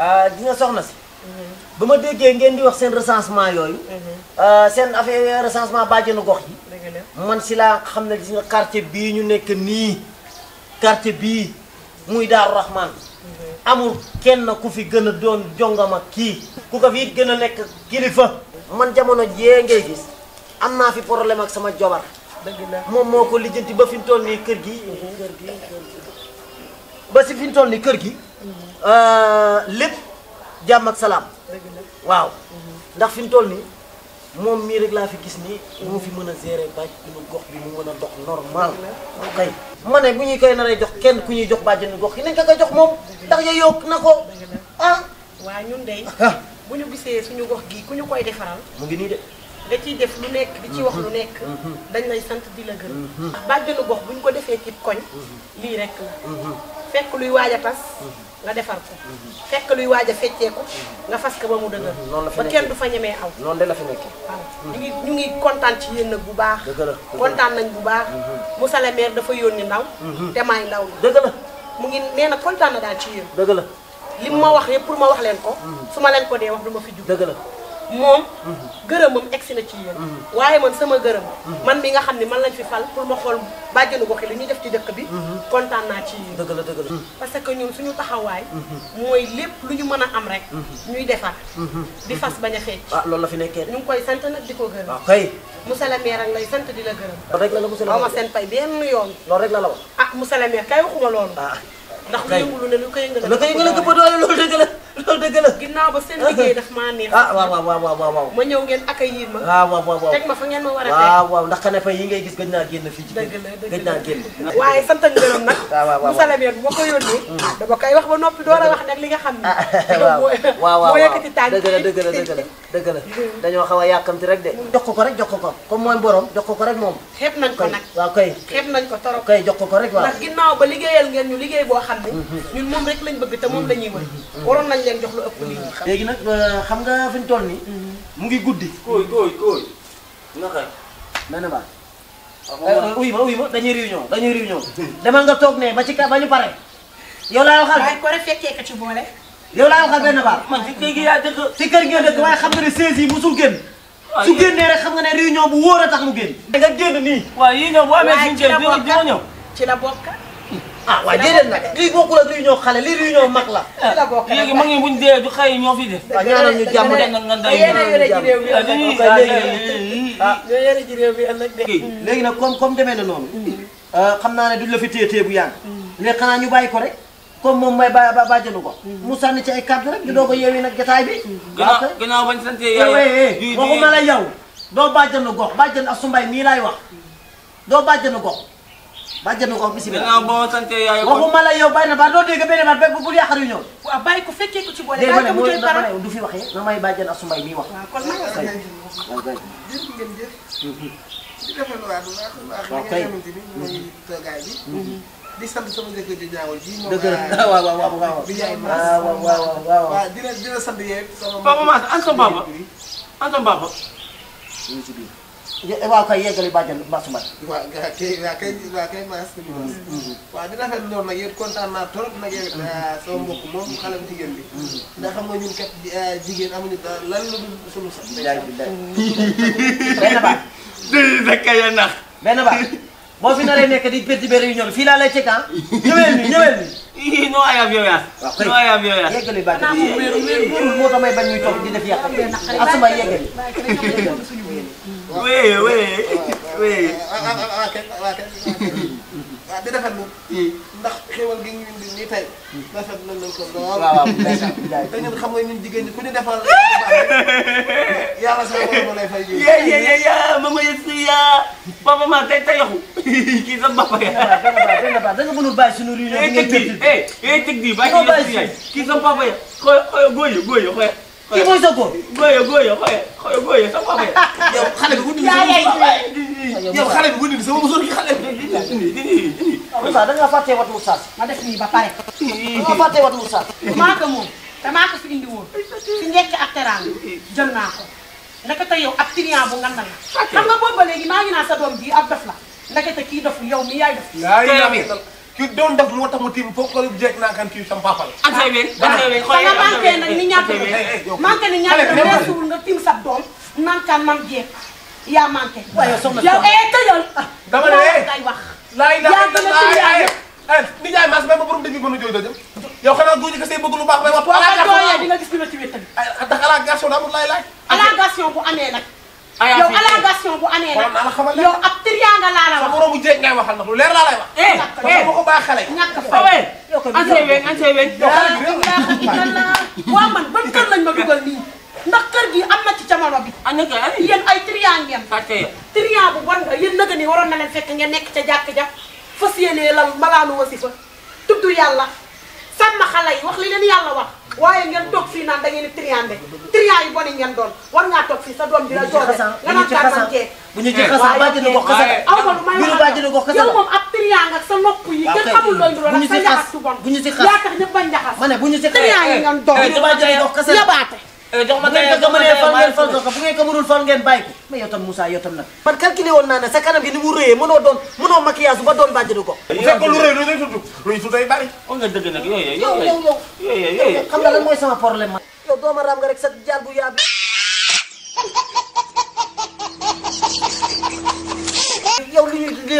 Euh, di nga soxna si. Mhm. ba ma déggee ngeen di wax seen recensement yooyu. Mhm. Euh, seen affaire recensement bàjjenu gox yi. man si laa xam ne gis nga quartier bii ñu nekk nii quartier bii muy daal Rahman. Mhm. amul kenn ku fi gën a doon jongama kii. ku ko fi gën a nekk kilifa. man jamono jee ngay gis am naa fi problème ak sama jabar. moom moo ko lijjanti ba fi mu toll kër gi. ba si fi mu toll nii kër gi. Euh, lépp jàmm ak salaam. waaw mm-hmm. ndax fi mu toll nii moom mii rek laa fi gis nii moo fi mën a gérer bàjjenu gox bi mu mën a dox normal kay. ma ne bu ñuy koy naree jox kenn ku ñuy jox bàjjenu gox yi nañ ko koy jox moom ndax yow yokk na ko ah. waaw ñun de ah. bu ñu gisee suñu gox gi ku ñu koy defaral. mu ngi nii de. nga ci def lu nekk di ci wax lu nekk mm-hmm. Mm-hmm. dañ lay sant di la gërëm mm-hmm. bàjjenu gox bu ñu ko defee ci koñ lii rek la fekk luy waaj a tas nga defar ko fekk luy waaj a fecceeku nga fas ko ba mu dëgër ba kenn du fa ñemee aw noonu la fa nekkee ñu ngi ñu ngi kontaan ci yéen nag bu baax kontaan nañ bu baax Moussa le maire dafa yónni ndaw te maay ndaw la dëgg la mu ngi nee na kontaan na daal ci yéen li mu ma wax yëpp pour ma wax leen ko su ma leen ko dee wax du ma fi jug dëgg la Mom, gërëmam exi na ci yeen mhm. waye man sama geureum mhm. man mi nga xamni man lañ fi fal pour ma xol baaje lu yi li ñuy def ci dekk bi mhm. kontaan na ci deug la deug la parce que ñun suñu taxaway moy lepp luñu mëna am rek ñuy defat di fas baña a ah loolu la fi nekké ñu koy sant nak di geureum gërëm ah, kay monsieur le maire lay sant di la geureum rek la la monsieur le ma sen pay benn yoon loolu rek la la wax ah monsieur le maire kay waxuma loolu ah. ndax ñu yëngu ne lu nga la kay nga la gëpp doole loolu deug la loolu dëgg la ginnaaw ba seen daf neex ah waaw waaw waaw waaw waaw ma ñëw ngeen accueillir ma ah, waaw waaw waaw teg ma fa ngeen ma war a waaw ah, waaw ndax xane fa yi ngay gis gëj naa génn ci dëgg la gëj sant ak ngërëm nag ah, waaw waaw waaw musale bu mm. dama koy wax ba noppi door a wax nag li nga xam waaw waaw waaw moo yëkkati tànk la dëgg la dëgg la dëgg la mm. dañoo xaw a rek de mm. jox ko rek jox ko ko comme borom jox ko rek moom nañ ko waaw kay nañ ko torop kay jox ko rek waaw ndax ba ngeen ñu mm-hmm. ñun rek lañ bëgg te mm-hmm. lañuy wër mm-hmm. nañ leen jox lu ëpp lii. léegi nag euh, xam nga fi ñu toll mhm. mu ngi guddi. kooy kooy kooy. naka. benn baat. waaw uy ma uy ma dañuy réunion dañuy réunion. demal nga toog ne ba ci ka ba ñu pare. yow laa waxal waaye ko rek fekkee ka ci boole. yow laa waxal benn baat. man ci kër gi yaa dëkk. ci kër gi yaa dëkk waaye xam nga ne seize yi musul génn. Ah, su rek xam nga ne réunion bu wóor a tax mu génn. da nga génn nii. waaw yii ñoom boo amee suñu ñëw ci la bokk ah waaw déedéet nag lii bokkul ak réunion xale lii réunion mag la. léegi mag ñi buñ dee du xëy ñoo fi def. waaw ñaanal ñu jàmm de nga day ah, ñu léegi nag comme comme demee na noonu. Mm. Euh, xam naa ne duñ la fi téye téye bu yàgg. Mm. léegi xanaa ñu bàyyi ko rek. comme moom may ba ba bàjjenu ko. Mm. mu sànni i ay kàddu rek ñu doog a yeewi nag jotaay bi. waaw kay gannaaw bañ sant yàlla eh, eh, eh, waxuma la yow doo bàjjenu gox bàjjen ak su mbay mii laay wax doo bàjjenu gox bàjjan bi ko bisimilah gannaaw boo sante yaay waxuma la yow bàyyi na ba doo dégg benn baat bu bu yàqar yu ñëw. waaw bàyyi ko fekkee ko ci boole. léegi mu tey dama ne du fi waxee na may bàjjan Assou Mbaye miy wax. waaw kon nag kay waaw kay. di sant sama njëkk di ñaawal ji. dëgg la waaw waaw waaw waaw. di yaay maas waaw waaw waaw. waaw dina dina sant yeeg sama. papa maas an sa papa an sa papa. ñu ngi ci biir. waaw kay yeggali bàjjan Massouma. waaw kay waaw kay waaw kay Massouma. Mm-hmm. waaw di rafetlu loolu nag yéen kontaan naa trop nag yow it. Mm-hmm. Ah, sama mbokk moom xale bu jigéen bi. Mm-hmm. ndax xam nga ñun kat ah, jigéen amuñu lan la dul suñu sax. jaay bi jaay benn baat. déedéet da kay nax. benn baat boo fi naree nekk di béddi ba réunion bi fii laa lay teg ah. ñëweel mi ñëweel mi. non ay ab yow yaa. waaw kay non ay ab yow yaa. yeggali bàjjan moo tax may bañ muy toog di def yàq. asuma yeggali. oui oui oui. waaw di rafetlu. ndax xéwal gi ñu indi nii tey. rafetlu nañ ko lool. waaw te ñun xam nga ñun jigéen ñi ku ñu defal yàlla sama borom lay fay. yéen yéen yéen ma ma yëg papa ma tey tey yoxu kii sax papa ya. dana baax dana mënul bàyyi sunu réunion. yooyu teg di yooyu teg di bàyyi kii sax papa ya. xooy xooy góoyu góoyu xooy. kii mooy sa góor. góoyee góoyee xooyee góoyee sa papa yow xale bi wuti bi yow xale bi wuti bi sama mosoon ki xale bi. Moussa da ngaa fàttee watu Moussa. ma def nii ba pare. da ngaa fàttee watu Moussa. maa ko moom damaa ko fi indi woon. fi njëkk ak teraanga jël naa ko. ndekete yow ab client bu ngandal la. xam nga boobu ba léegi maa ngi naan sa doom bii ab dof la. ndekete kii dof yow mi yaay dof. ki doon def moo tax mu tiim foog ko jeeg naa kan kii sama papa la. ak say ween ak say ween xoolal ak say ween nag ni ñàkk na manqué ni ñàkk na weesuwul nga tiim sa doom naan kan man jeeg yaa manqué. waaye soxna yow eh tëjal. dama ne eh lay wax. laay laay laay laay ni jaay maas ba borom dañuy mën a jooy dojam. yow xanaa guuñu kese bëgg lu baax bay wax. boo ko jooyee di nga gis li ma ci wéttal. Ah, ndax allégation amul laay laay. allégation bu amee nag. yow allégation bu amee nag yow ab triangle laa rek ngay waxal nag lu leer laa lay wax. eh ma ko baax nga ñàkk fa wéy. ansay weñ ansay weñ. waaw man ban kër lañ ma dugal nii. ndax kër gi am na ci jamono bi. am na kër yéen ay triant ngeen. parce que triant bu bon nga yéen nag ni waroon na leen fekk ngeen nekk ca jàkk ja fas yéenee lal malaanu wasifa tudd yàlla sàmm xale yi wax li leen yàlla wax. waaye ngeen toog fii naan da ngeen di triant de triant yi boni ngeen doon war ngaa toog fii sa doom bi la joxe nga naan kàddu bu ñu ci xasaa bàjjenu gox xasaa biiru bàjjenu gox xasaa bu ñu ci xas yaa tax ñëpp bañ njaxas bu ñu ci xas triang yi ngeen doon biiru bàjjenu gox xasaa ma tey jox ma eh, tey fal ngeen fal ko bu ngeen ko mënul fal ngeen bàyyi ko mais yow tam Moussa yow tam nag man calculé woon naa ne sa kanam mu rëyee mënoo ba doon bàjjenu gox bu fekk lu rëy lu ngay tudd luy tudd ay bari on nga dëgg nag yooyu yooyu mooy sama problème man yow dooma raam nga sa jaar bu yaab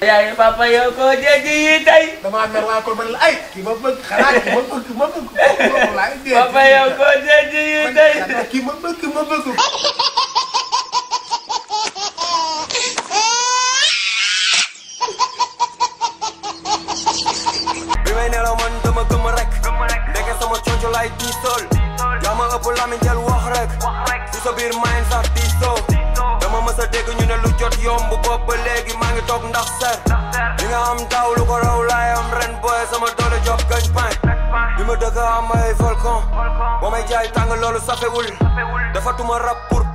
Ya, ya papa ya ko, jadi itay. Tumakar lang ako man lang. Ay, kimabag, karaki, kimabag, kimabag. Papa ya ko, jadi itay. Kimabag, kimabag. Bimay nalaman, tumag gumarek. Gumarek. Dekan sa mo chonjo like pistol. yomb bopp ba léegi maa ngi ndax seer li nga am taw lu ko raw laay am ren booy sama doole job gañ pain li ma am ay volcan ba may jaay tàng loolu safewul dafa tuma rab pour